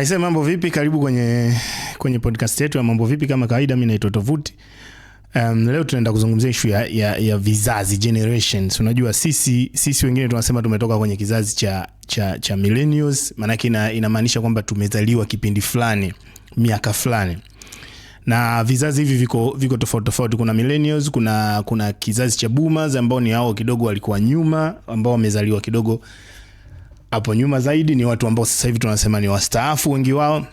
Aise, mambo vipi? Karibu kwenye kwenye podcast yetu ya mambo vipi. Kama kawaida, mimi naitwa Tovuti. Um, leo tunaenda kuzungumzia ishu ya, ya, ya vizazi generations. Unajua sisi, sisi wengine tunasema tumetoka kwenye kizazi cha, cha, cha millennials, maanake ina, inamaanisha kwamba tumezaliwa kipindi fulani miaka fulani na vizazi hivi viko, viko tofauti tofauti. Kuna millennials, kuna, kuna kizazi cha boomers ambao ni hao kidogo walikuwa nyuma ambao wamezaliwa kidogo hapo nyuma zaidi ni watu ambao sasa hivi tunasema ni wastaafu wengi wao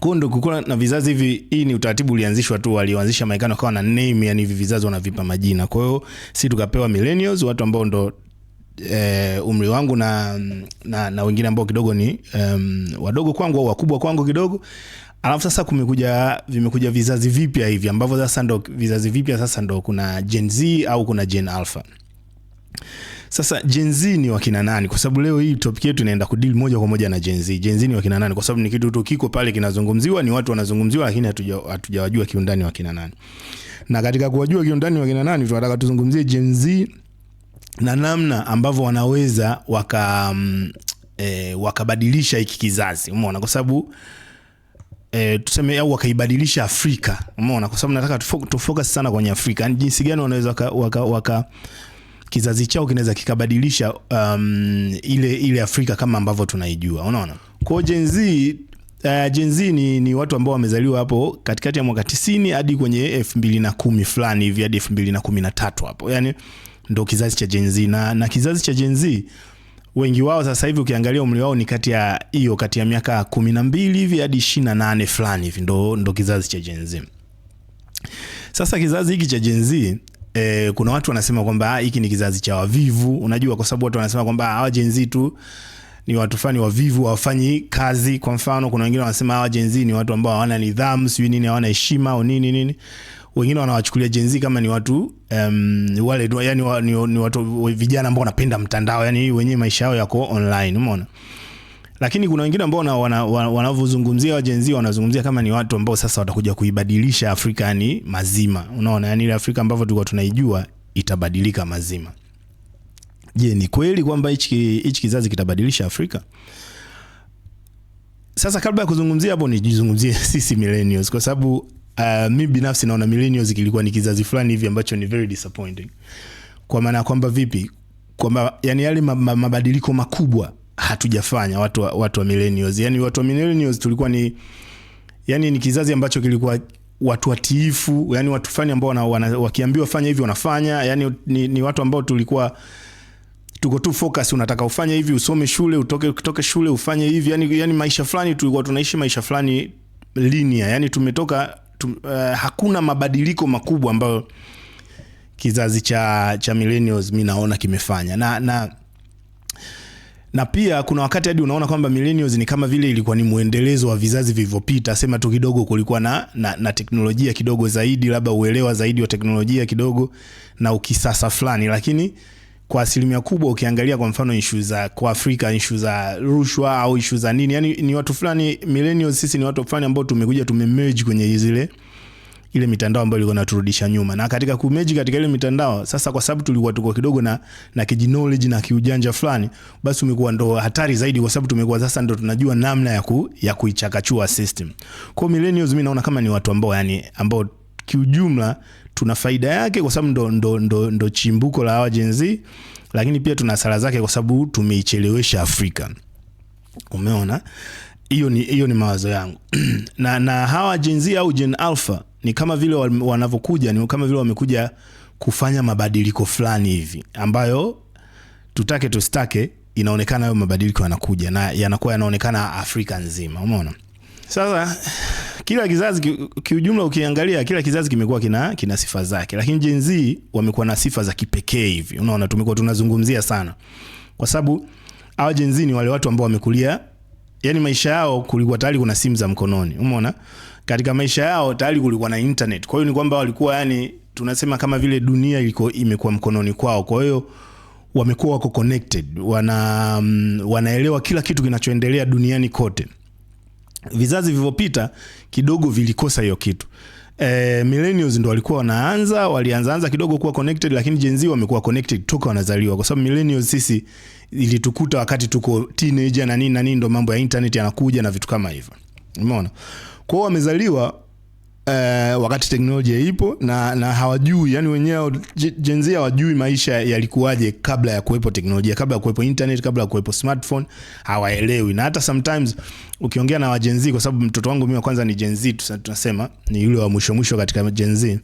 kundo kukula na vizazi hivi. Hii ni utaratibu ulianzishwa tu, walioanzisha Marekani wakawa na name, yani hivi vizazi wanavipa majina. Kwa hiyo si tukapewa millennials, watu ambao ndo e, umri wangu na, na, na wengine ambao kidogo ni um, wadogo kwangu au wakubwa kwangu kidogo. Alafu sasa kumekuja vimekuja vizazi vipya hivi ambavyo sasa ndo vizazi vipya sasa ndo kuna Gen Z au kuna Gen Alpha. Sasa Gen Z ni wakina nani? Kwa sababu leo hii topic yetu inaenda kudili moja kwa moja na Gen Z. Gen Z ni wakina nani? Kwa sababu ni kitu tu kiko pale kinazungumziwa, ni watu wanazungumziwa, lakini hatujawajua kiundani wakina nani. Na katika kuwajua kiundani wakina nani, tunataka tuzungumzie Gen Z na namna ambavyo wanaweza waka um, e, wakabadilisha hiki kizazi. Umeona, kwa sababu E, tuseme au wakaibadilisha Afrika. Umeona, kwa sababu nataka tufocus sana kwenye Afrika, yani jinsi gani wanaweza waka, waka, waka kizazi chao kinaweza kikabadilisha um, ile, ile Afrika kama ambavyo tunaijua, unaona. Kwa Gen uh, jenzi ni, ni watu ambao wamezaliwa hapo katikati ya mwaka 90 hadi kwenye 2010 fulani hivi hadi 2013 hapo, yani ndo kizazi cha jenzi na, na kizazi cha jenzi wengi wao sasa hivi ukiangalia umri wao ni kati ya hiyo kati ya miaka 12 hivi hadi 28 fulani hivi ndo, ndo kizazi cha jenzi Sasa kizazi hiki cha jenzi E, kuna watu wanasema kwamba ah, hiki ni kizazi cha wavivu, unajua, kwa sababu watu wanasema kwamba ah, hawa Gen Z tu ni watu fulani wavivu, hawafanyi kazi. Kwa mfano, kuna wengine wanasema hawa ah, Gen Z ni watu ambao hawana nidhamu, sijui nini, hawana heshima au nini nini. Wengine wanawachukulia Gen Z kama ni watu um, wale yani, ni, ni watu vijana ambao wanapenda mtandao, yani wenyewe maisha yao yako online, umeona lakini kuna wengine ambao wanavyozungumzia wana, wana wajenzi wanazungumzia kama ni watu ambao sasa watakuja kuibadilisha Afrika yani mazima, unaona yani ile Afrika ambavyo tulikuwa tunaijua itabadilika mazima. Je, ni kweli kwamba hichi hichi kizazi kitabadilisha Afrika? Sasa kabla ya kuzungumzia hapo, nijizungumzie sisi millennials kwa sababu uh, mi binafsi naona millennials kilikuwa ni kizazi fulani hivi ambacho ni very disappointing, kwa maana ya kwamba vipi, kwamba yani yale mabadiliko makubwa hatujafanya watu wa, watu wa millennials. Yani watu wa millennials tulikuwa ni yani ni kizazi ambacho kilikuwa watu watiifu, yani watu fani ambao wana, wana, wakiambiwa fanya hivi wanafanya. Yani ni, ni watu ambao tulikuwa tuko tu focus, unataka ufanye hivi, usome shule, utoke utoke shule ufanye hivi. Yani, yani maisha fulani tulikuwa tunaishi maisha fulani linear, yani tumetoka tum, uh, hakuna mabadiliko makubwa ambayo kizazi cha cha millennials mimi naona kimefanya na na na pia kuna wakati hadi unaona kwamba millennials ni kama vile ilikuwa ni muendelezo wa vizazi vilivyopita. Sema tu kidogo kulikuwa na, na, na teknolojia kidogo zaidi, labda uelewa zaidi wa teknolojia kidogo na ukisasa fulani, lakini kwa asilimia kubwa ukiangalia kwa mfano issue za kwa Afrika issue za rushwa au issue za nini, yani ni watu fulani millennials, sisi ni watu fulani ambao tumekuja tumemerge kwenye zile ile mitandao ambayo ilikuwa inaturudisha nyuma, na katika kumeji katika ile mitandao sasa, kwa sababu tulikuwa tuko kidogo na na kijinolege na kiujanja fulani, basi umekuwa ndo hatari zaidi, kwa sababu tumekuwa sasa ndo tunajua namna ya ku, ya kuichakachua system. Kwa millennials, mimi naona kama ni watu ambao yani ambao kiujumla tuna faida yake kwa sababu ndo, ndo, ndo, ndo chimbuko la hawa Gen Z, lakini pia tuna hasara zake kwa sababu tumeichelewesha Afrika. Umeona, hiyo ni, hiyo ni mawazo yangu na, na hawa Gen Z au Gen Alpha ni kama vile wanavyokuja, ni kama vile wamekuja kufanya mabadiliko fulani hivi ambayo tutake tusitake, inaonekana hayo mabadiliko yanakuja na yanakuwa yanaonekana Afrika nzima, umeona. Sasa kila kizazi kiujumla, ukiangalia kila kizazi kimekuwa kina, kina sifa zake, lakini Gen Z wamekuwa na sifa za kipekee hivi, unaona, tumekuwa tunazungumzia sana kwa sababu hawa Gen Z ni wale watu ambao wamekulia, yani maisha yao kulikuwa tayari kuna simu za mkononi, umeona katika maisha yao tayari kulikuwa na internet. Kwa hiyo ni kwamba walikuwa yani, tunasema kama vile dunia iliko imekuwa mkononi kwao, kwa hiyo wamekuwa wako connected, wana um, wanaelewa kila kitu kinachoendelea duniani kote. Vizazi vilivyopita kidogo vilikosa hiyo kitu. E, millennials ndo walikuwa wanaanza walianzaanza kidogo kuwa connected, lakini Gen Z wamekuwa connected toka wanazaliwa, kwa sababu millennials sisi ilitukuta wakati tuko teenager na nini na nini, ndo mambo ya internet yanakuja na vitu kama hivyo, umeona kwao wamezaliwa Uh, wakati teknolojia ipo na, na hawajui yani wenyewe Gen hawajui maisha yalikuwaje kabla ya kuwepo teknolojia, kabla ya kuwepo internet, kabla ya kuwepo smartphone, hawaelewi. Na hata sometimes ukiongea na wajenzi kwa sababu mtoto wangu mimi wa kwanza ni jenzi, tunasema ni yule wa mwisho mwisho katika jenzi,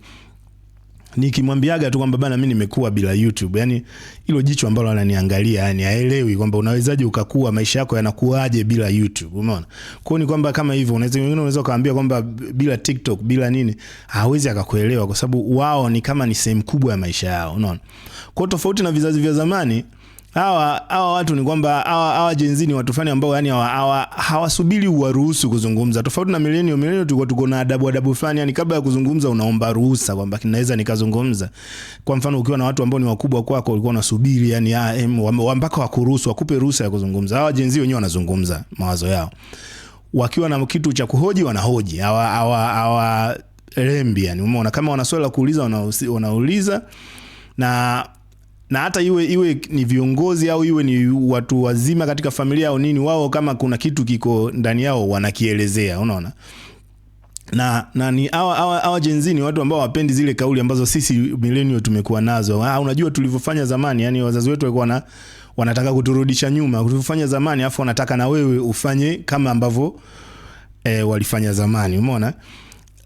nikimwambiaga tu kwamba bana, mi nimekuwa bila YouTube, yani hilo jicho ambalo ananiangalia, yani haelewi kwamba unawezaje ukakua, maisha yako yanakuaje bila YouTube, umeona? kwao ni kwamba kama hivyo, unaweza wengine, unaweza ukaambia kwamba bila TikTok, bila nini, hawezi akakuelewa, kwa sababu wao ni kama ni sehemu kubwa ya maisha yao, unaona? Kwa tofauti na vizazi vya zamani hawa hawa watu ni kwamba hawa hawa jenzi ni watu fulani ambao yani hawa hawasubiri uwaruhusu kuzungumza, tofauti na milenio. Milenio tulikuwa tuko na adabu adabu fulani, yani kabla ya kuzungumza unaomba ruhusa kwamba kinaweza nikazungumza. Kwa mfano ukiwa na watu ambao ni wakubwa kwako, ulikuwa unasubiri yani ya, ah, em, mpaka wakuruhusu, wakupe ruhusa ya kuzungumza. Hawa jenzi wenyewe wanazungumza mawazo yao, wakiwa na kitu cha kuhoji wanahoji, hawa hawa hawa rembi yani, umeona kama wana swali la kuuliza wanauliza na na hata iwe iwe ni viongozi au iwe ni watu wazima katika familia au nini, wao kama kuna kitu kiko ndani yao wanakielezea, unaona na na ni awa, awa hawa jenzi ni watu ambao wapendi zile kauli ambazo sisi milenio tumekuwa nazo. Ah, unajua tulivyofanya zamani, yani wazazi wetu walikuwa na wanataka kuturudisha nyuma tulivyofanya zamani, afu wanataka na wewe ufanye kama ambavyo e, walifanya zamani, umeona.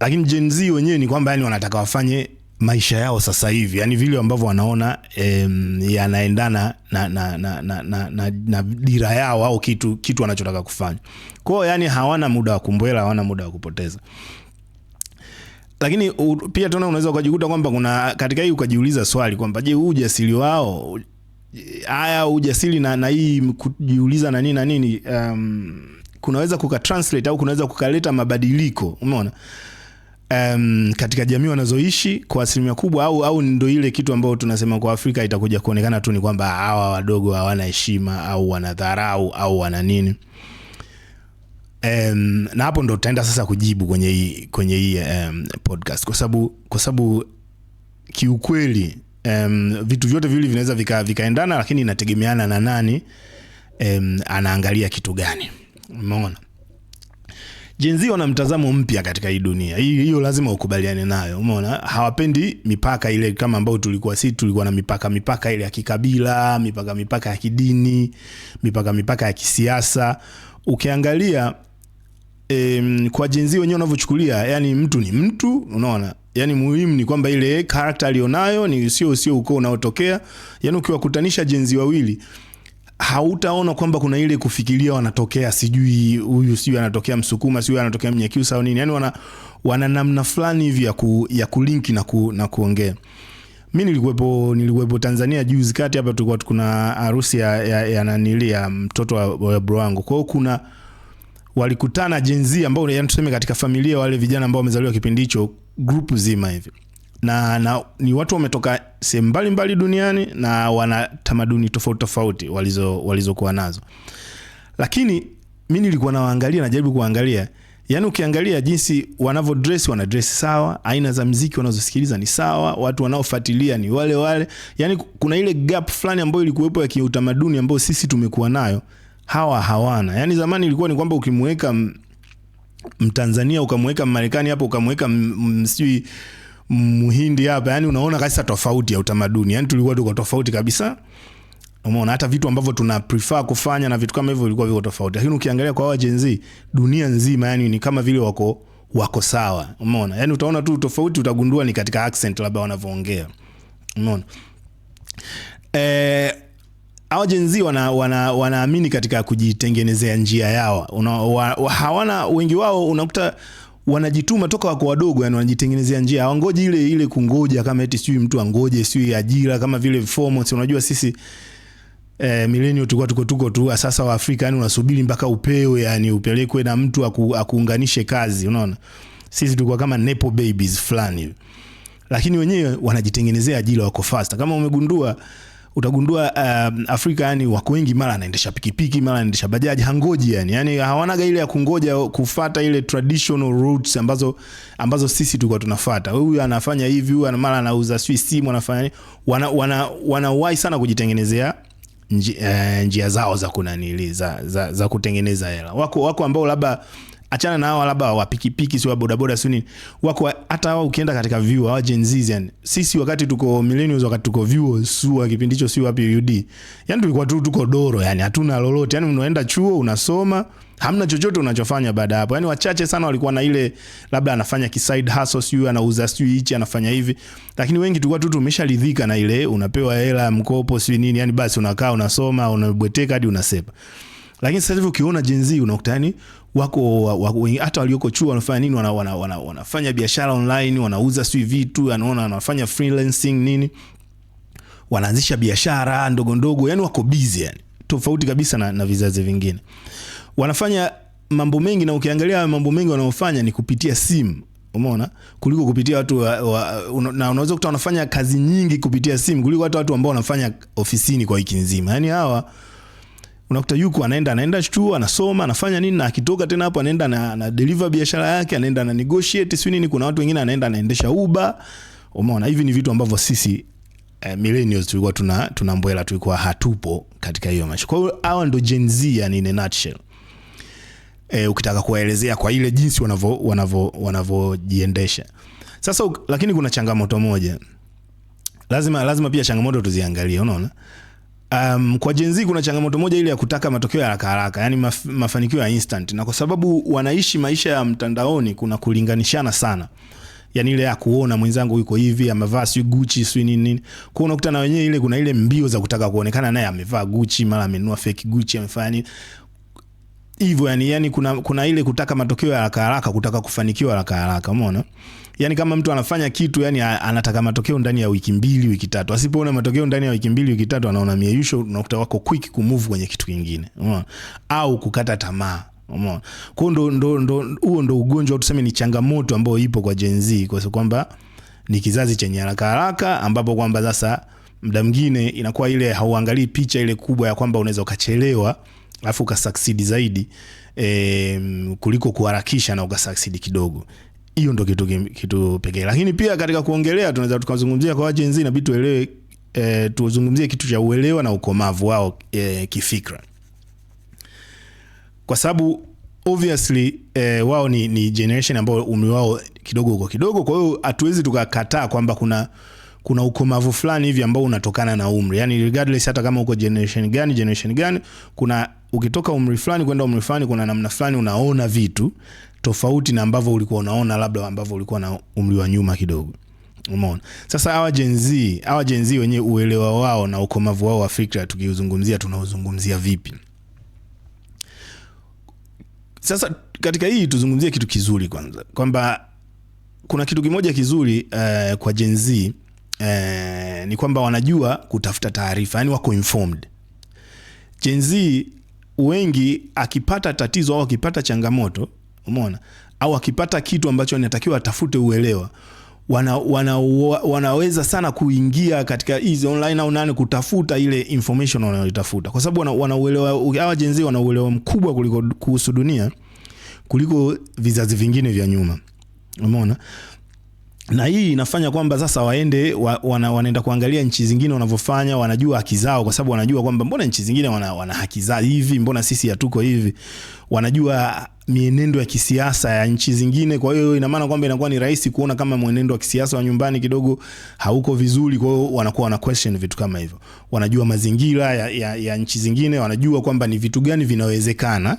Lakini jenzi wenyewe ni kwamba yani wanataka wafanye maisha yao sasa hivi, yani vile ambavyo wanaona em, yanaendana na, na, na, na, na, na, na dira yao au kitu kitu wanachotaka kufanya kwao, yani hawana muda wa kumbwela, hawana muda wa kupoteza. Lakini u, pia tena unaweza ukajikuta kwamba kuna katika hii ukajiuliza swali kwamba je, huu ujasiri wao haya ujasiri na, na hii kujiuliza na nini na nini um, kunaweza kukatranslate au kunaweza kukaleta mabadiliko, umeona um, katika jamii wanazoishi kwa asilimia kubwa, au au ndo ile kitu ambayo tunasema kwa Afrika itakuja kuonekana tu ni kwamba hawa wadogo hawana heshima au wanadharau au wana nini. Um, na hapo ndo tutaenda sasa kujibu kwenye hii kwenye hii um, podcast kwa sababu kwa sababu kiukweli um, vitu vyote viwili vinaweza vika, vikaendana, lakini inategemeana na nani um, anaangalia kitu gani. Umeona? Jenzi wana mtazamo mpya katika hii dunia. Hiyo lazima ukubaliane nayo. Umeona? Hawapendi mipaka ile kama ambayo tulikuwa sisi tulikuwa na mipaka mipaka ile ya kikabila, mipaka mipaka ya kidini, mipaka mipaka ya kisiasa. Ukiangalia e, kwa jenzi wenyewe wanavyochukulia, yani mtu ni mtu, unaona? Yani muhimu ni kwamba ile character alionayo ni sio sio ukoo unaotokea. Yaani ukiwakutanisha jenzi wawili hautaona kwamba kuna ile kufikiria wanatokea sijui huyu sijui anatokea Msukuma sijui anatokea Mnyakyusa au nini, yani wana, wana namna fulani hivi ya, ku, ya kulinki na, ku, na kuongea. Mi nilikuwepo nilikuwepo Tanzania juzi kati hapa, tulikuwa kuna harusi ya, ya, ya nanili ya mtoto wa bro wangu, kwa hiyo kuna walikutana jenzi ambao yani tuseme katika familia wale vijana ambao wamezaliwa kipindi hicho, grupu zima hivi na, na ni watu wametoka sehemu mbalimbali duniani na wana tamaduni tofauti tofauti walizo walizokuwa nazo, lakini mi nilikuwa nawaangalia, najaribu kuangalia yani, ukiangalia jinsi wanavyo dress, wana dress sawa, aina za mziki wanazosikiliza ni sawa, watu wanaofuatilia ni wale wale. Yani kuna ile gap fulani ambayo ilikuwepo ya kiutamaduni ambayo sisi tumekuwa nayo, hawa hawana. Yani zamani ilikuwa ni kwamba ukimweka Mtanzania ukamweka marekani hapo ukamweka sijui Mhindi hapa, yani unaona kabisa tofauti ya utamaduni, yani tulikuwa tuko tofauti kabisa. Umeona hata vitu ambavyo tuna prefer kufanya na vitu kama hivyo vilikuwa viko tofauti, lakini ukiangalia kwa hawa Gen Z dunia nzima, yani ni kama vile wako wako sawa. Umeona, yani utaona tu tofauti, utagundua ni katika accent labda wanavyoongea. Umeona eh hawa Gen Z wana, wana, wanaamini katika kujitengenezea njia yao una, wa, wa, hawana wengi wao unakuta wanajituma toka wako wadogo, yani wanajitengenezea njia, hawangoji ile ile kungoja kama eti sijui mtu angoje sijui ajira kama vile formal. Unajua sisi eh, milenio tulikuwa tuko tuko tu ah, sasa wa Afrika, yani unasubiri mpaka upewe, yani upelekwe na mtu aku, akuunganishe kazi, unaona. Sisi tulikuwa kama nepo babies fulani lakini wenyewe wanajitengenezea ajira, wako fasta. Kama umegundua utagundua um, Afrika yani wako wengi, mara anaendesha pikipiki, mara anaendesha bajaji, hangoji yani, yani hawanaga ile ya kungoja kufata ile traditional routes ambazo, ambazo sisi tulikuwa tunafata. Huyu anafanya hivi, huyu mara anauza swi simu, anafanya nini, wana, wana, wanawahi sana kujitengenezea njia, uh, eh, njia zao za kunanili za, za, za kutengeneza hela. Wako, wako ambao labda achana na hawa labda wa pikipiki si wa bodaboda si nini wako hata wao, ukienda katika vyuo hawa Gen Z yani, sisi wakati tuko millennials, wakati tuko vyuo wa kipindi hicho si wapi UD, yani tulikuwa tu tuko doro yani, hatuna lolote yani, unaenda chuo unasoma, hamna chochote unachofanya baada hapo yani. Wachache sana walikuwa na ile labda anafanya ki side hustle, sio anauza sio hichi anafanya hivi, lakini wengi tulikuwa tu tumesharidhika na ile unapewa hela mkopo si nini yani, basi unakaa unasoma unabweteka hadi unasepa. Lakini sasa hivi ukiona Gen Z unakuta yani wako hata walioko chuo wanafanya nini, wana, wana, wana, wanafanya biashara online, wanauza sijui vitu, anaona anafanya freelancing nini, wanaanzisha biashara ndogo ndogo, yani wako busy yani, tofauti kabisa na, na vizazi vingine. Wanafanya mambo mengi, na ukiangalia mambo mengi wanayofanya ni kupitia simu Umeona, kuliko kupitia watu wa, wa, una, na unaweza kuta wanafanya kazi nyingi kupitia simu kuliko hata watu ambao wanafanya ofisini kwa wiki nzima. yani hawa unakuta yuko anaenda anaenda chuo anasoma anafanya nini, na akitoka tena hapo anaenda na, na deliver biashara yake, anaenda na negotiate sio nini. Kuna watu wengine anaenda anaendesha uba Umeona, hivi ni vitu ambavyo sisi eh, millennials tulikuwa tuna tunambwela, tulikuwa hatupo katika hiyo maisha. Kwa hiyo hawa ndo Gen Z yani in a nutshell. Eh, ukitaka kuwaelezea kwa ile jinsi wanavyo wanavyo wanavyojiendesha sasa. Lakini kuna changamoto moja lazima lazima pia changamoto tuziangalie, unaona Um, kwa Gen Z kuna changamoto moja ile ya kutaka matokeo ya haraka haraka, yani maf mafanikio ya instant, na kwa sababu wanaishi maisha ya mtandaoni kuna kulinganishana sana, yani ile ya kuona mwenzangu yuko hivi amevaa si Gucci si nini nini, kwa unakuta na wenyewe ile kuna ile mbio za kutaka kuonekana naye amevaa Gucci, mara amenunua fake Gucci, amefanya nini hivyo, yani yani kuna kuna ile kutaka matokeo ya haraka haraka, kutaka kufanikiwa haraka haraka, umeona yani kama mtu anafanya kitu yani anataka matokeo ndani ya wiki mbili wiki tatu, asipoona matokeo ndani ya wiki mbili wiki tatu anaona mieyusho, unakuta wako quick kumove kwenye kitu kingine, umeona, au kukata tamaa, umeona. Kwa ndo ndo ndo huo ndo ugonjwa tuseme ni changamoto ambayo ipo kwa Gen Z, kwa sababu kwamba ni kizazi chenye haraka haraka, ambapo kwamba sasa mda mwingine inakuwa ile hauangalii picha ile kubwa ya kwamba unaweza ukachelewa alafu ukasucceed zaidi e, kuliko kuharakisha na ukasucceed kidogo hiyo ndo kitu, kitu pekee. Lakini pia katika kuongelea tunaweza tukazungumzia kwa Gen Z, inabidi tuelewe e, tuzungumzie kitu cha uelewa na ukomavu wao e, kifikra, kwa sababu obviously e, wao ni, ni generation ambayo umri wao kidogo uko kidogo, kwa hiyo hatuwezi tukakataa kwamba kuna kuna ukomavu fulani hivi ambao unatokana na umri, yani regardless, hata kama uko generation gani generation gani, kuna ukitoka umri fulani kwenda umri fulani, kuna namna fulani unaona vitu tofauti na ambavyo ulikuwa unaona labda ambavyo ulikuwa na umri wa nyuma kidogo. Umeona? Sasa hawa Gen Z, hawa Gen Z wenyewe uelewa wao na ukomavu wao wa fikra tukiuzungumzia tunauzungumzia vipi? Sasa katika hii tuzungumzie kitu kizuri kwanza, kwamba kuna kitu kimoja kizuri uh, kwa Gen Z uh, ni kwamba wanajua kutafuta taarifa, yani wako informed. Gen Z wengi akipata tatizo au akipata changamoto umeona, au akipata kitu ambacho anatakiwa atafute uelewa wana, wana, wanaweza sana kuingia katika hizi online au nani kutafuta ile information wanayotafuta, kwa sababu wana, uelewa hawa jenzi wana uelewa mkubwa kuliko kuhusu dunia kuliko vizazi vingine vya nyuma, umeona. Na hii inafanya kwamba sasa waende wa, wana, wanaenda kuangalia nchi zingine wanavyofanya, wanajua haki zao, kwa sababu wanajua kwamba mbona nchi zingine wana, wana haki zao hivi, mbona sisi hatuko hivi, wanajua mienendo ya kisiasa ya nchi zingine. Kwa hiyo ina maana kwamba inakuwa ni rahisi kuona kama mwenendo wa kisiasa wa nyumbani kidogo hauko vizuri, kwa hiyo wanakuwa wana question vitu kama hivyo. Wanajua mazingira ya, ya, ya nchi zingine, wanajua kwamba ni vitu gani vinawezekana.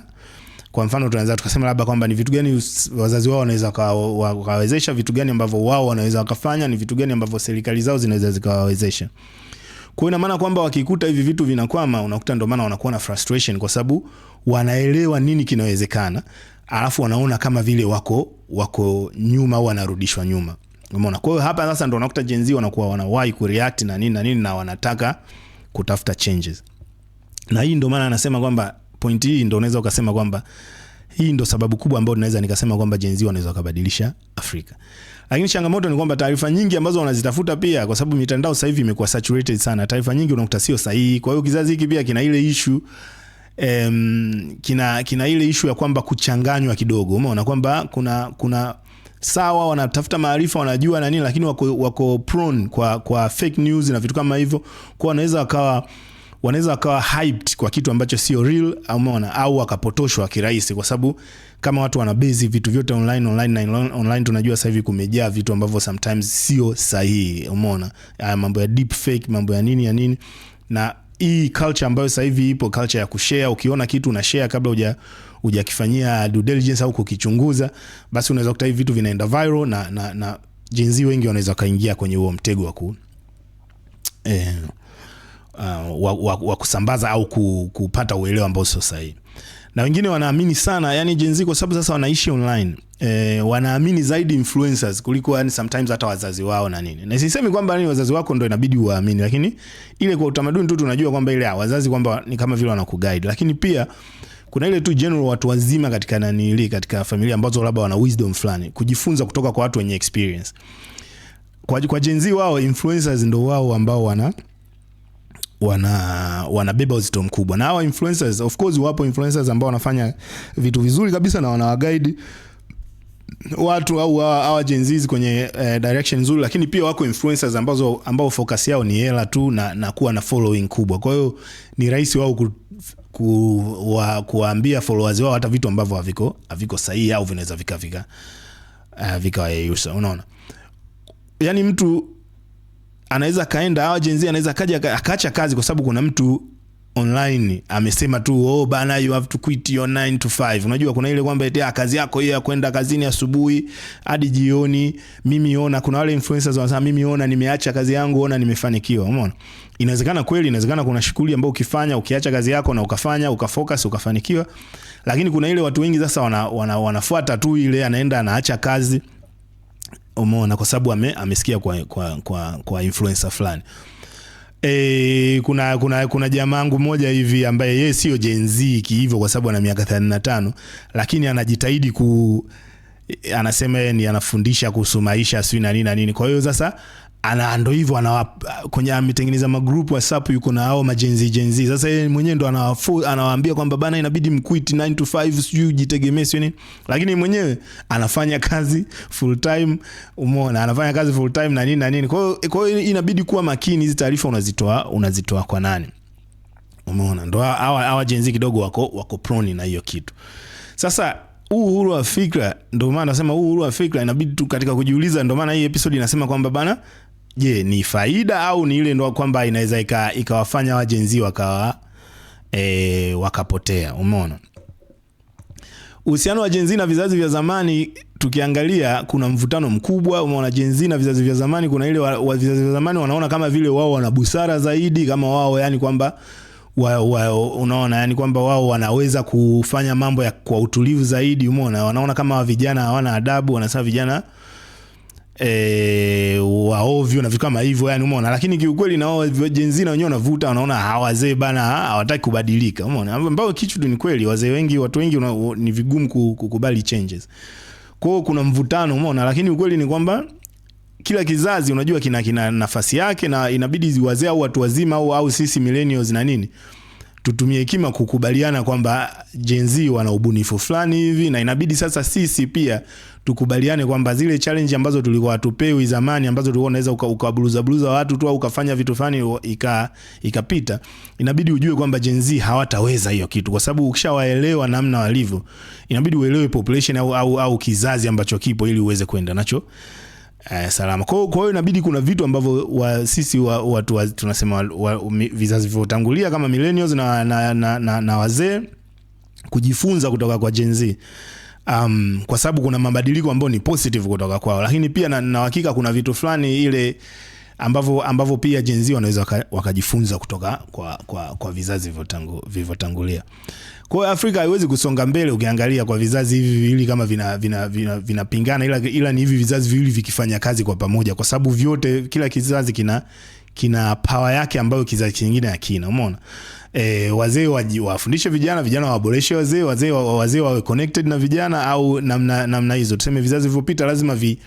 Kwa mfano tunaweza tukasema labda kwamba ni vitu gani wazazi wao wanaweza wakawawezesha, vitu gani ambavyo wao wanaweza wakafanya, ni vitu gani ambavyo serikali zao zinaweza zikawawezesha. Kwa ina maana kwamba wakikuta hivi vitu vinakwama, unakuta ndio maana wanakuwa na frustration kwa sababu wanaelewa nini kinawezekana, alafu wanaona kama vile wako wako nyuma au wanarudishwa nyuma. Umeona? Kwa hiyo hapa sasa ndio unakuta Gen Z wanakuwa wanawahi kureact na nini na nini na wanataka kutafuta changes. Na hii ndio maana anasema kwamba point hii ndio unaweza ukasema kwamba hii ndio sababu kubwa ambayo naweza nikasema kwamba Gen Z wanaweza kubadilisha Afrika. Lakini changamoto ni kwamba taarifa nyingi ambazo wanazitafuta pia, kwa sababu mitandao sasa hivi imekuwa saturated sana, taarifa nyingi unakuta sio sahihi. Kwa hiyo kizazi hiki pia kina ile issue em, kina kina ile issue ya kwamba kuchanganywa kidogo, umeona kwamba kuna kuna sawa wanatafuta maarifa wanajua na nini, lakini wako, wako prone kwa, kwa fake news na vitu kama hivyo, kwa wanaweza wakawa wanaweza wakawa hyped kwa kitu ambacho sio real, umeona, au wakapotoshwa kirahisi, kwa sababu kama watu wana base vitu vyote online, online, na online, tunajua sasa hivi kumejaa vitu ambavyo sometimes sio sahihi, umeona, haya mambo ya deep fake, mambo ya nini ya nini, na hii culture ambayo sasa hivi ipo, culture ya kushare. Ukiona kitu una share kabla uja ujakifanyia due diligence au kukichunguza, basi unaweza kuta hivi vitu vinaenda viral na, na, na jinsi wengi wanaweza kaingia kwenye huo mtego wa ku eh, Uh, wa, wa, wa kusambaza au kupata uelewa ambao sio sahihi. Na wengine wanaamini sana, yani Gen Z kwa sababu sasa wanaishi online e, wanaamini zaidi influencers kuliko yani sometimes hata wazazi wao na nini. Na sisemi kwamba yani wazazi wako ndio inabidi uwaamini, lakini ile kwa utamaduni tu tunajua kwamba ile ah, wazazi kwamba ni kama vile wanakuguide, lakini pia kuna ile tu general watu wazima katika nani ile katika familia ambazo labda wana wisdom fulani, kujifunza kutoka kwa watu wenye experience. Kwa, kwa Gen Z wao influencers ndio wao ambao wana wana wanabeba uzito mkubwa, na hawa influencers, of course, wapo influencers ambao wanafanya vitu vizuri kabisa na wana guide watu au hawa jenzizi kwenye eh, direction nzuri, lakini pia wako influencers ambazo ambao focus yao ni hela tu na, na kuwa na following kubwa. Kwa hiyo ni rahisi wao ku, ku, wa, kuambia followers wao hata vitu ambavyo haviko haviko sahihi au vinaweza vikafika uh, eh, vikawa yeyusa Unaona, yani mtu anaweza kaenda au jenzi anaweza kaja akaacha kazi kwa sababu kuna mtu online amesema tu oh bana, you have to quit your 9 to 5. Unajua kuna ile kwamba eti ah, kazi yako hiyo ya kwenda kazini asubuhi hadi jioni. Mimi ona, kuna wale influencers wanasema mimi ona, nimeacha kazi yangu, ona nimefanikiwa. Umeona, inawezekana kweli, inawezekana kuna shughuli ambayo ukifanya ukiacha kazi yako na ukafanya ukafocus ukafanikiwa, lakini kuna ile watu wengi sasa wana, wana, wanafuata tu ile, anaenda anaacha kazi umeona, kwa sababu ame, amesikia kwa, kwa, kwa, kwa influencer fulani E, kuna kuna kuna jamaangu mmoja hivi ambaye yeye sio Gen Z kihivyo kwa sababu ana miaka 35 lakini anajitahidi ku anasema yeye ni anafundisha kuhusu maisha si na nini na nini. Kwa hiyo sasa ana ndo hivyo ana kwenye ametengeneza magroup WhatsApp yuko na hao majenzi jenzi. Sasa yeye mwenyewe ndo anawaambia kwamba bana, inabidi mquit 9 to 5, sijui ujitegemee, sio nini, lakini mwenyewe anafanya kazi full time. Umeona, anafanya kazi full time na nini na nini. Kwa hiyo inabidi kuwa makini, hizi taarifa unazitoa unazitoa kwa nani? Umeona, ndo hawa hawa jenzi kidogo wako wako prone na hiyo kitu. Sasa huu uhuru wa fikra, ndio maana nasema huu uhuru wa fikra inabidi tu katika kujiuliza. Ndio maana hii episode inasema kwamba bana je, ni faida au ni ile ndo kwamba inaweza ikawafanya wajenzi wakawa e, wakapotea? Umeona uhusiano wa jenzi na vizazi vya zamani tukiangalia kuna mvutano mkubwa. Umeona jenzi na vizazi vya zamani, kuna ile wa, wa vizazi vya zamani wanaona kama vile wao wana busara zaidi, kama wao yani kwamba wa, wa, unaona yani kwamba wao wanaweza kufanya mambo ya kwa utulivu zaidi. Umeona wanaona kama wa vijana hawana adabu, wanasema vijana Eh, waovyo na vitu kama hivyo, yani umeona. Lakini kiukweli nao jenzi na wenyewe wanavuta, wanaona hawazee ah, bana, ah, hawataki kubadilika, umeona, ambao kitu ni kweli. Wazee wengi, watu wengi una, ni vigumu kukubali changes, kwao kuna mvutano, umeona. Lakini ukweli ni kwamba kila kizazi unajua kina, kina nafasi yake na inabidi wazee au watu wazima au, au sisi millennials na nini tutumie hekima kukubaliana kwamba Gen Z wana ubunifu fulani hivi, na inabidi sasa sisi pia tukubaliane kwamba zile challenge ambazo tulikuwa hatupewi zamani, ambazo tulikuwa unaweza ukaburuza bluza watu tu au ukafanya vitu fulani ika ikapita, inabidi ujue kwamba Gen Z hawataweza hiyo kitu, kwa sababu ukishawaelewa namna walivyo, inabidi uelewe population au, au, au kizazi ambacho kipo ili uweze kwenda nacho Eh, salama. Kwa kwa hiyo inabidi kuna vitu ambavyo wa, sisi wa, watu wa, tunasema wa, vizazi vilivyotangulia kama millennials na, na, na, na, na wazee kujifunza kutoka kwa Gen Z um, kwa sababu kuna mabadiliko ambayo ni positive kutoka kwao, lakini pia na, na hakika kuna vitu fulani ile ambavyo ambavyo pia Gen Z wanaweza waka, wakajifunza kutoka kwa, kwa, kwa vizazi vivyotangulia Kwa hiyo Afrika haiwezi kusonga mbele ukiangalia kwa vizazi hivi viwili kama vinapingana vina, vina, vina ila, ila ni hivi vizazi viwili vikifanya kazi kwa pamoja, kwa sababu vyote, kila kizazi kina kina power yake ambayo kizazi kingine hakina, umeona e, wazee wafundishe vijana, vijana waboreshe wazee, wazee wawe connected na vijana, au namna namna hizo, tuseme vizazi vilivyopita lazima vi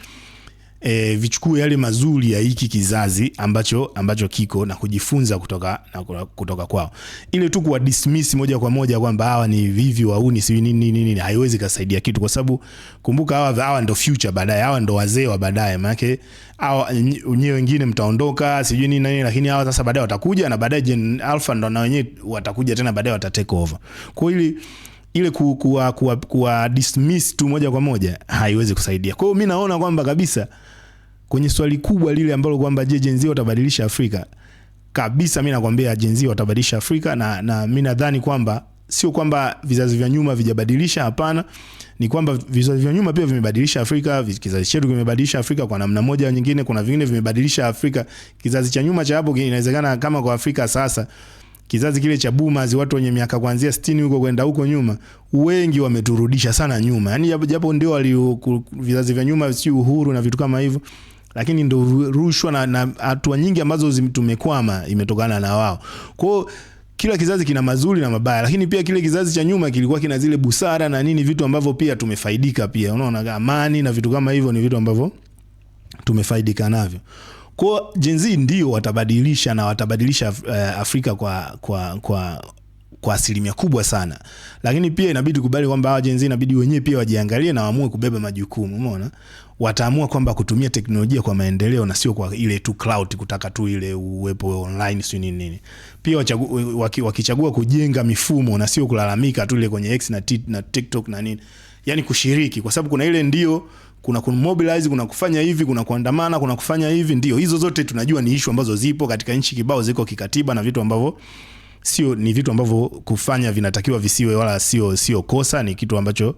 e, vichukue yale mazuri ya hiki kizazi ambacho ambacho kiko na kujifunza kutoka na kutoka kwao. Ile tu kuwa dismiss moja kwa moja kwamba hawa ni vivi wauni si nini nini nini, haiwezi kasaidia kitu, kwa sababu kumbuka, hawa hawa ndo future baadaye, hawa ndo wazee wa baadaye, maana hawa wenyewe wengine mtaondoka sijui nini nini, lakini hawa sasa baadaye watakuja, na baadaye Gen Alpha ndo na wenyewe watakuja tena baadaye watatake over. Kwa hiyo ile ku, kuwa, kuwa, kuwa dismiss tu moja kwa moja haiwezi kusaidia. Kwa hiyo mimi naona kwamba kabisa kwenye swali kubwa lile ambalo kwamba je, Gen Z watabadilisha Afrika kabisa, mi nakwambia Gen Z watabadilisha Afrika na, na mi nadhani kwamba sio kwamba vizazi vya nyuma vijabadilisha, hapana, ni kwamba vizazi vya nyuma pia vimebadilisha Afrika. Kizazi chetu kimebadilisha Afrika kwa namna moja nyingine, kuna vingine vimebadilisha Afrika. Kizazi cha nyuma cha hapo, inawezekana kama kwa Afrika sasa, kizazi kile cha boomers, watu wenye miaka kuanzia 60 huko kwenda huko nyuma, wengi wameturudisha sana nyuma, yani japo ndio walio vizazi vya nyuma, si uhuru na vitu kama hivyo lakini ndo rushwa na, na hatua nyingi ambazo tumekwama imetokana na wao. kwao. kila kizazi kina mazuri na mabaya, lakini pia kile kizazi cha nyuma kilikuwa kina zile busara na nini, vitu ambavyo pia tumefaidika pia, unaona amani na vitu kama hivyo, ni vitu ambavyo tumefaidika navyo. Kwa Gen Z ndio watabadilisha na watabadilisha eh, Afrika kwa, kwa, kwa kwa asilimia kubwa sana, lakini pia inabidi kubali kwamba hawa jenzi inabidi wenyewe pia wajiangalie na waamue kubeba majukumu. Umeona, wataamua kwamba kutumia teknolojia kwa maendeleo na sio kwa ile tu cloud, kutaka tu ile uwepo online si nini nini. Pia wachagu, waki, wakichagua kujenga mifumo na sio kulalamika tu ile kwenye X na, t, na TikTok na nini, yani kushiriki, kwa sababu kuna ile ndio kuna kumobilize, kuna kufanya hivi, kuna kuandamana, kuna kufanya hivi, ndio hizo zote tunajua ni issue ambazo zipo katika nchi kibao, ziko kikatiba na vitu ambavyo sio ni vitu ambavyo kufanya vinatakiwa visiwe, wala sio sio kosa, ni kitu ambacho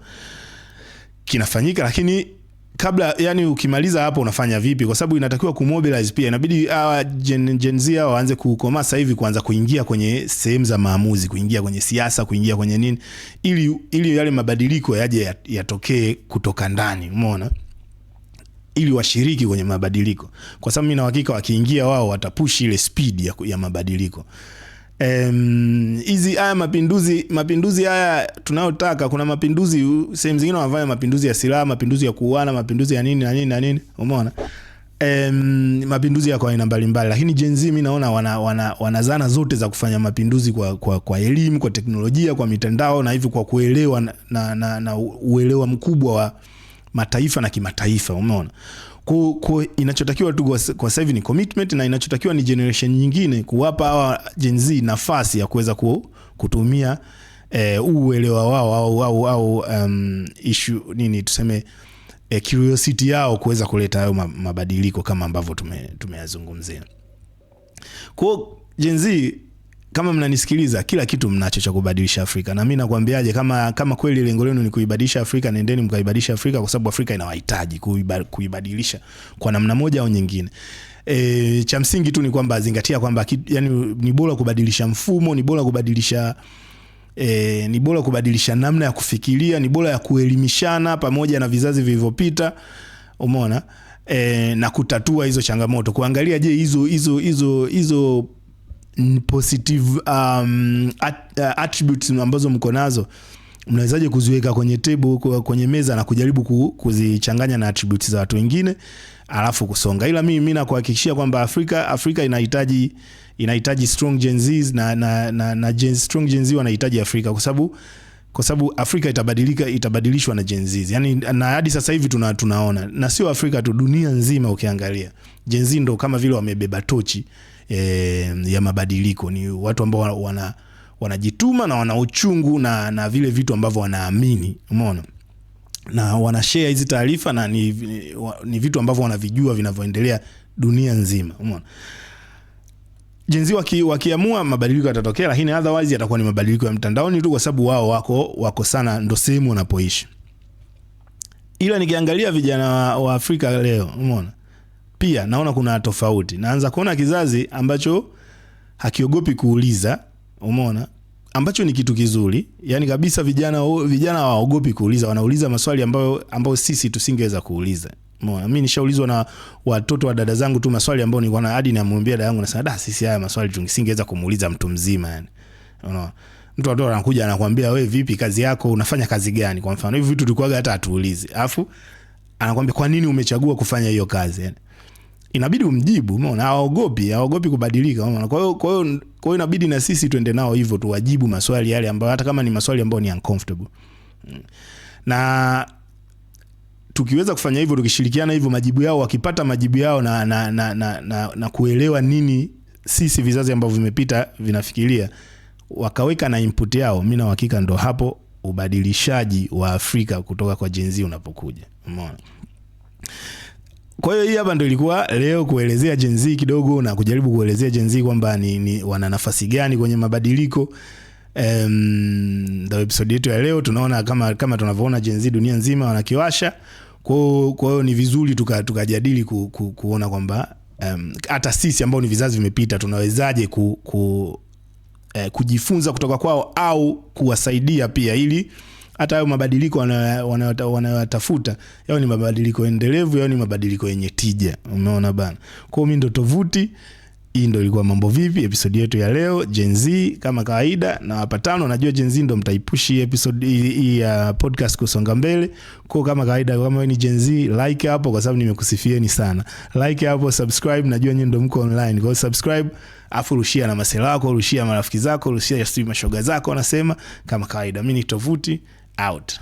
kinafanyika lakini kabla yani, ukimaliza hapo unafanya vipi? Kwa sababu inatakiwa kumobilize pia, inabidi hawa ah, Gen, Gen Z waanze kukomaa sasa hivi, kuanza kuingia kwenye sehemu za maamuzi, kuingia kwenye siasa, kuingia kwenye nini, ili ili yale mabadiliko yaje yatokee kutoka ndani, umeona, ili washiriki kwenye mabadiliko, kwa sababu mimi na hakika wakiingia wao watapush ile speed ya, ya mabadiliko hizi um, haya mapinduzi mapinduzi haya tunayotaka, kuna mapinduzi sehemu zingine wanafanya mapinduzi ya silaha, mapinduzi ya kuuana, mapinduzi ya nini na nini na nini, umeona um, mapinduzi yako aina mbalimbali, lakini Gen Z naona wana, wana, wana zana zote za kufanya mapinduzi kwa, kwa, kwa elimu, kwa teknolojia, kwa mitandao na hivyo kwa kuelewa na, na, na, na uelewa mkubwa wa mataifa na kimataifa, umeona ku, ku, inachotakiwa tu kwa, kwa sasa ni commitment na inachotakiwa ni generation nyingine kuwapa hawa Gen Z nafasi ya kuweza ku, kutumia eh, uelewa wao au au au um, issue nini tuseme eh, curiosity yao kuweza kuleta hayo mabadiliko kama ambavyo tume, tumeyazungumzia. Kwa Gen Z kama mnanisikiliza, kila kitu mnacho cha kubadilisha Afrika, na mi nakwambiaje, kama, kama kweli lengo lenu ni kuibadilisha Afrika, nendeni mkaibadilisha Afrika kwa sababu Afrika inawahitaji kuibadilisha kwa namna moja au nyingine. E, cha msingi tu ni kwamba zingatia kwamba yani, ni bora kubadilisha mfumo, ni bora kubadilisha E, ni bora kubadilisha namna ya kufikiria, ni bora ya kuelimishana pamoja na vizazi vilivyopita, umeona e, na kutatua hizo changamoto, kuangalia je, hizo hizo hizo hizo positive um, at, uh, attributes ambazo mko nazo mnawezaje kuziweka kwenye table kwenye meza na kujaribu kuzichanganya na attributes za watu wengine alafu kusonga. Ila mimi mimi nakuhakikishia kwamba Afrika Afrika inahitaji inahitaji strong Gen Z na na, na, na Gen, strong Gen Z wanahitaji Afrika kwa sababu kwa sababu Afrika itabadilika itabadilishwa na Gen Z. yani na hadi sasa hivi tuna, tunaona na sio Afrika tu, dunia nzima ukiangalia Gen Z ndo kama vile wamebeba tochi e, ya mabadiliko. Ni watu ambao wana wanajituma na wana uchungu na, na vile vitu ambavyo wanaamini, umeona na wanashare hizi taarifa na ni, ni, ni vitu ambavyo wanavijua vinavyoendelea dunia nzima, umeona jenzi waki, wakiamua mabadiliko yatatokea, lakini otherwise yatakuwa ni mabadiliko ya mtandaoni tu, kwa sababu wao wako wako sana, ndo sehemu wanapoishi. Ila nikiangalia vijana wa Afrika leo, umeona pia naona kuna tofauti. Naanza kuona kizazi ambacho hakiogopi kuuliza, umeona, ambacho ni kitu kizuri. Yani kabisa vijana vijana hawaogopi kuuliza, wanauliza maswali ambayo ambayo sisi tusingeweza kuuliza. Umeona, mimi nishaulizwa na watoto wa dada zangu tu maswali ambayo nilikuwa na hadi namwambia dada yangu nasema, da, sisi haya maswali tungesingeweza kumuuliza mtu mzima yani. Unaona? Mtu watoto anakuja anakuambia wewe, vipi kazi yako, unafanya kazi gani? Kwa mfano hivi vitu tulikuwa hata hatuulizi. Alafu anakuambia kwa nini umechagua kufanya hiyo kazi yani inabidi umjibu, umeona, aogopi aogopi kubadilika, Kwa hiyo kwa hiyo inabidi na sisi twende nao hivyo, tuwajibu maswali yale ambayo hata kama ni maswali ambayo ni uncomfortable. Mm. Na tukiweza kufanya hivyo, tukishirikiana hivyo, majibu yao wakipata majibu yao na na na, na, na, na kuelewa nini sisi vizazi ambavyo vimepita vinafikiria, wakaweka na input yao, mimi na uhakika ndo hapo ubadilishaji wa Afrika kutoka kwa jenzi unapokuja, umeona. Kwa hiyo hii hapa ndio ilikuwa leo kuelezea Gen Z kidogo na kujaribu kuelezea Gen Z kwamba ni, ni wana nafasi gani kwenye mabadiliko. Um, ndio episode yetu ya leo tunaona kama kama tunavyoona Gen Z dunia nzima wanakiwasha. Kwa kwa hiyo ni vizuri tukajadili tuka ku, ku, kuona kwamba hata um, sisi ambao ni vizazi vimepita tunawezaje ku, ku, eh, kujifunza kutoka kwao au kuwasaidia pia ili hata hayo mabadiliko wanayotafuta yao ni mabadiliko endelevu, yao ni mabadiliko yenye tija. Umeona bana? kwao mi ndo tovuti hii ndo ilikuwa Mambo Vipi, episodi yetu ya leo jenz kama kawaida, na wapatano. Najua jenz ndo mtaipushi hii hii ya podcast kusonga mbele. Kwa kama kawaida, kama ni jenz like hapo, kwa sababu nimekusifieni sana. Like hapo, subscribe, najua nyinyi ndo mko online, kwao subscribe, afu rushia na masela wako, rushia marafiki zako, rushia sijui mashoga zako. Anasema kama kawaida, mi ni tovuti out.